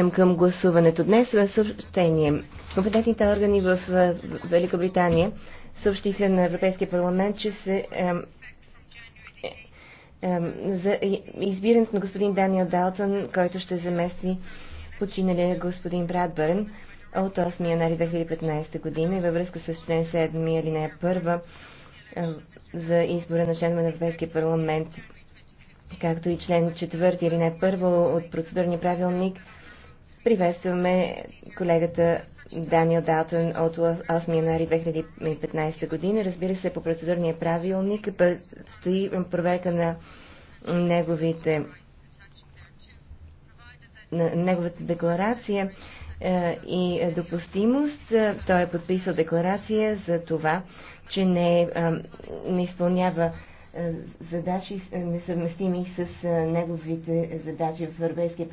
преминем към гласуването днес. Съобщение. Компетентните органи в Великобритания съобщиха на Европейския парламент, че се е, за избирането на господин Даниел Далтън, който ще замести починалия господин Брадбърн от 8 януари 2015 година и във връзка с член 7 алинея 1 е, за избора на член на Европейския парламент както и член 4 или не първо от процедурния правилник Приветстваме колегата Даниел Далтън от 8 януари 2015 година. Разбира се, по процедурния правилник стои проверка на неговите на неговата декларация е, и допустимост. Той е подписал декларация за това, че не, е, е, не изпълнява задачи несъвместими с неговите задачи в Европейския